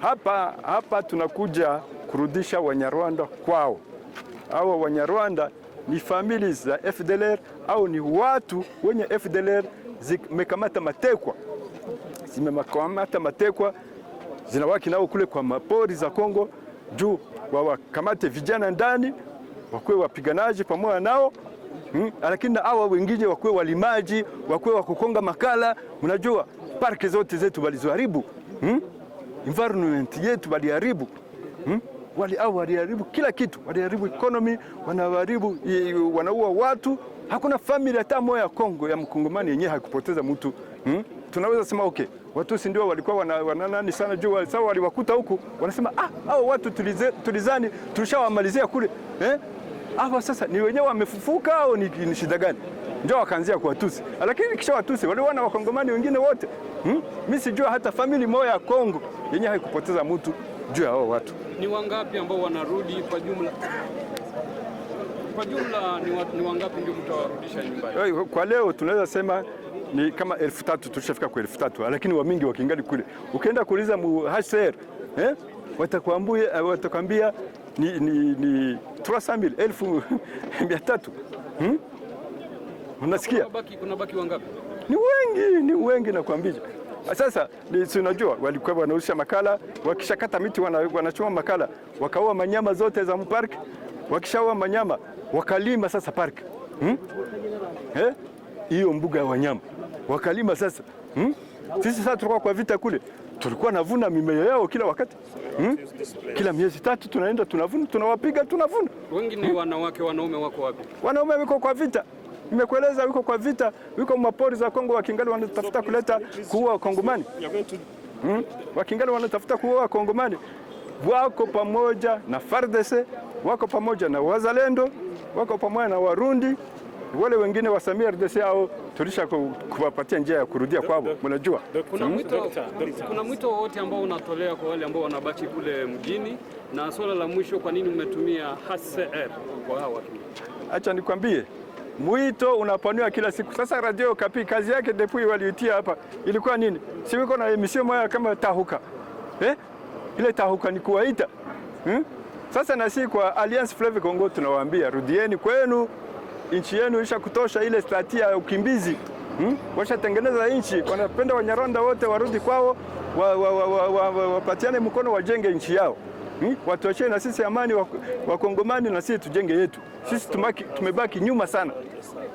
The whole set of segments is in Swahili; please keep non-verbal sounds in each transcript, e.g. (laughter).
Hapa hapa tunakuja kurudisha Wanyarwanda kwao. Hawa Wanyarwanda ni famili za FDLR au ni watu wenye FDLR zimekamata matekwa, zimekamata matekwa, zinawaki nao kule kwa mapori za Kongo juu wawakamate vijana ndani wakuwe wapiganaji pamoja nao hmm. Lakini hawa wengine wakuwe walimaji, wakuwe wakukonga makala. Mnajua parki zote zetu walizoharibu hmm environment yetu waliharibu, hmm? wali au waliharibu kila kitu, waliharibu economy, wanaharibu wanaua watu. Hakuna family hata moja ya Kongo ya mkongomani yenyewe hakupoteza mtu hmm? Tunaweza sema okay, si ndio walikuwa wananani sana juu sawa, waliwakuta huku wanasema ah, hao watu tulizani tulishawamalizia kule eh? hawa ah, sasa ni wenyewe wamefufuka au ni, ni shida gani? Ndio wakaanzia kuwatusi, lakini kisha watusi wale wana wakongomani wengine wote hmm? sijua hata famili moja ya Kongo yenye haikupoteza mtu juu ya hao watu. Ni wangapi ambao wanarudi kwa jumla? Kwa jumla ni, wa, ni wangapi ndio mtawarudisha nyumbani? Kwa leo tunaweza sema ni kama elfu tatu tulishafika kwa elfu tatu lakini wamingi wakingali kule. Ukienda kuuliza mu HCR eh, watakuambia watakwambia ni, ni, ni 300,000 elfu (laughs) mia tatu hmm? Unasikia kuna baki wangapi? Ni wengi, ni wengi nakwambia. Sasa unajua walikuwa wanausha makala, wakishakata miti wanachoma makala, wakaua manyama zote za mpark, wakishaua manyama wakalima sasa park hmm? Eh? hiyo mbuga ya wanyama wakalima sasa hmm? Sisi sasa tulikuwa kwa vita kule, tulikuwa navuna mimea yao kila wakati hmm? Kila miezi tatu tunaenda tunavuna, tunawapiga tunavuna. Wengi ni hmm? Wanawake wanaume wako wapi? Wanaume wiko kwa vita, nimekueleza wiko kwa vita, wiko mapori za Kongo, wakingali wanatafuta kuleta kuua Wakongomani hmm? Wakingali wanatafuta kuua Wakongomani, wako pamoja na FARDC, wako pamoja na wazalendo, wako pamoja na Warundi wale wengine wasamia RDC au tulisha kuwapatia njia ya kurudia kwao. Mnajua kuna mwito, kuna mwito wote ambao unatolewa kwa wale ambao wanabaki kule mjini. Na swala la mwisho, kwa nini umetumia HCR kwa hawa watu? Acha nikwambie mwito unapanua kila siku. Sasa Radio Kapi kazi yake depui waliitia hapa ilikuwa nini? Si wiko na emission moja kama tahuka eh? Ile tahuka ni kuwaita hmm? Sasa nasi kwa Alliance Fleuve Congo tunawaambia rudieni kwenu nchi yenu isha kutosha ile stati ya ukimbizi hmm? Washatengeneza nchi, wanapenda Wanyarwanda wote warudi kwao, wapatiane wa, wa, wa, wa, mkono wajenge nchi yao hmm? Watuachie na sisi amani, wakongomani na sisi tujenge yetu. Sisi tumaki, tumebaki nyuma sana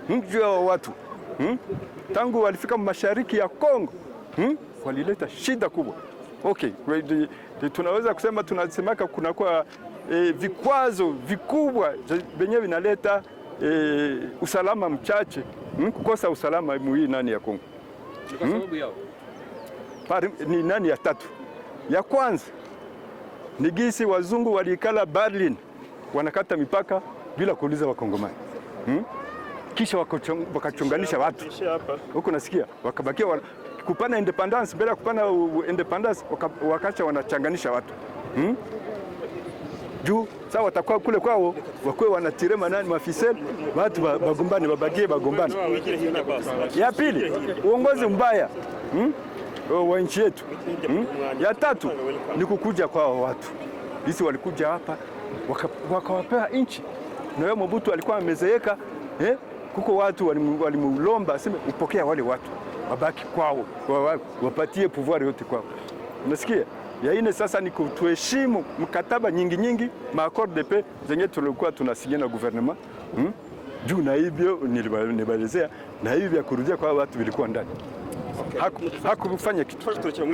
hmm? juu ya watu hmm? tangu walifika mashariki ya Kongo hmm? walileta shida kubwa. Okay, tunaweza kusema tunasemaka kunakuwa eh, vikwazo vikubwa vyenyewe vinaleta e, usalama mchache mm, kukosa usalama muhii nani ya Kongo mm? Pari, ni nani ya tatu ya kwanza ni gisi wazungu walikala Berlin, wanakata mipaka bila kuuliza wakongomani hmm? Kisha wakachunganisha watu huko, nasikia wakabakia wana, kupana independence mbele ya kupana independence wakacha wanachanganisha watu hmm? juu saa watakuwa kule kwao wakuwe wanatire manani mafisel watu bagombane babagie bagombane. Ya pili uongozi mbaya hmm? wa nchi yetu hmm? Ya tatu ni kukuja kwao watu isi walikuja hapa wakawapea waka nchi nawe Mobutu alikuwa amezeeka eh? Kuko watu walimulomba sema upokea wale watu wabaki kwao, wapatie pouvoir yote kwao, unasikia? Ya ine sasa ni kutuheshimu mkataba nyingi nyingi de pe zenye tulikuwa tunasinya na guvernema hmm? juu na hivyo nilibalezea na hivyo vya kurudia kwa watu vilikuwa ndani hakufanya kitu.